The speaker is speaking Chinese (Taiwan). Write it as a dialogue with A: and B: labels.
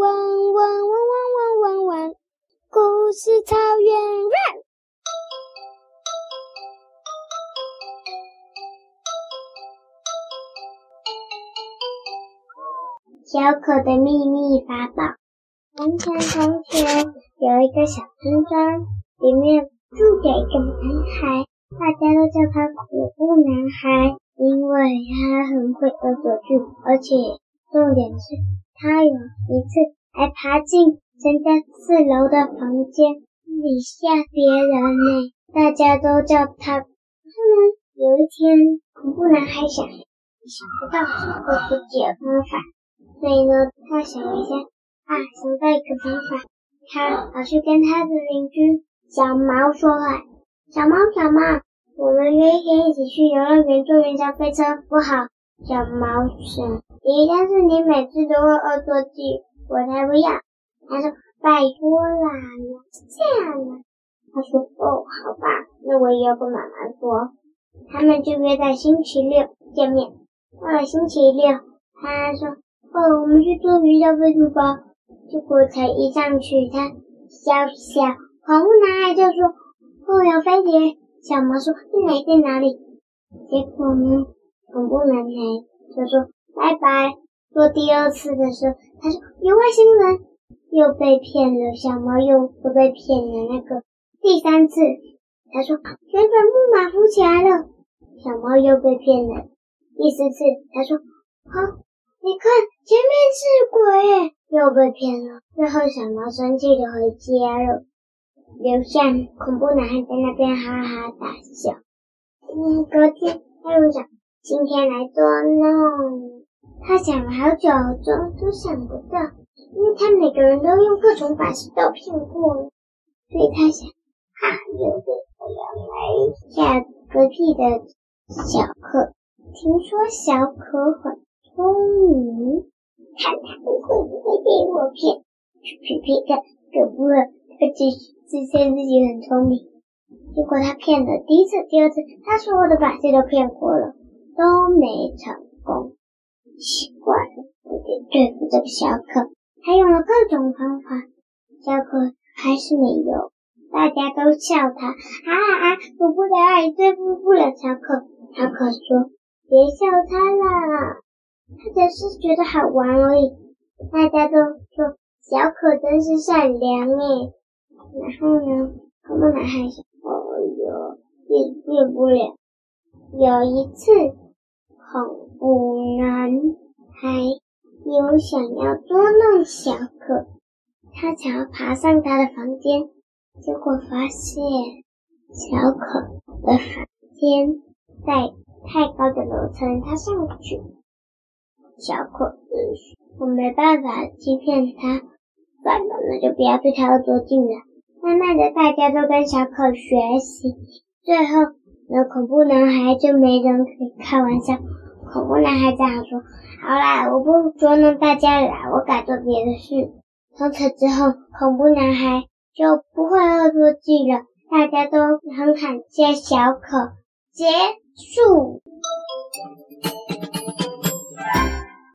A: 汪汪汪汪汪汪汪！故事超圓 r 小可的秘密法寶。從前從前有一個小村莊，裡面住着一個男孩，大家都叫他“恐怖男孩”，因為他很會惡作劇，而且重點是。他有一次還爬進人家四樓的房間裡嚇別人呢！欸，大家都叫他。然後呢，有一天，恐怖男孩想想不到這個解方法，所以呢，他想了一下，啊，想到一個方法，他跑去跟他的鄰居小毛說話：“小毛小毛，我們約一天一起去遊樂園坐雲霄飛車，不好？”小毛說。咦！但是你每次都會惡作劇，我才不要。他說：“拜托啦，是這樣呢、啊？”他說：“哦，好吧，那我也要跟媽媽說。”他們就約在星期六見面。到、哦、了星期六，他說：“哦，我們去捉魚叫飛鼠吧。”結果才一上去，他小小恐怖男孩就說：“哦，有飛碟。”小可說，飛碟在哪裡？”結果呢，恐怖男孩就說。拜拜。做第二次的時候，他說有外星人，又被騙了。小貓又又被騙了。那個第三次，他說原本木馬浮起來了，小貓又被騙了。第四次，他說好、啊，你看前面是鬼，又被騙了。最後，小貓生氣的回家了，留下恐怖男孩在那邊哈哈大笑。嗯，昨天他又想今天來捉弄。他想了好久，都都想不到，因為他每個人都用各種把戲都騙過了，所以他想，哈、啊，有點，我要來嚇一下隔壁的小可。聽說小可很聰明，看他不會不會被我騙。皮皮的，可不而他只自炫自己很聰明，結果他騙了第一次、第二次，他所有的把戲都騙過了，都沒成。對付這個小可，他用了各種方法，小可還是沒有。大家都笑他啊啊，啊，付不，不，不了，對付不了小可。小可說：“別笑他了，他只是覺得好玩而已。”大家都說小可真是善良哎。然後呢，恐怖男孩說：“哦呦，越越不了。”有一次，恐怖男孩。有想要捉弄小可，他想要爬上他的房間，結果發現小可的房間在太高的樓層，他上不去。小可，嗯，我沒辦法欺騙他，算了，那就不要被他惡作劇了。慢慢的，大家都跟小可學習，最後那恐怖男孩就沒人可以開玩笑。恐怖男孩這樣說：“好啦，我不捉弄大家了啦，我改做別的事。”從此之後，恐怖男孩就不會惡作劇了，大家都很感謝小可。結束。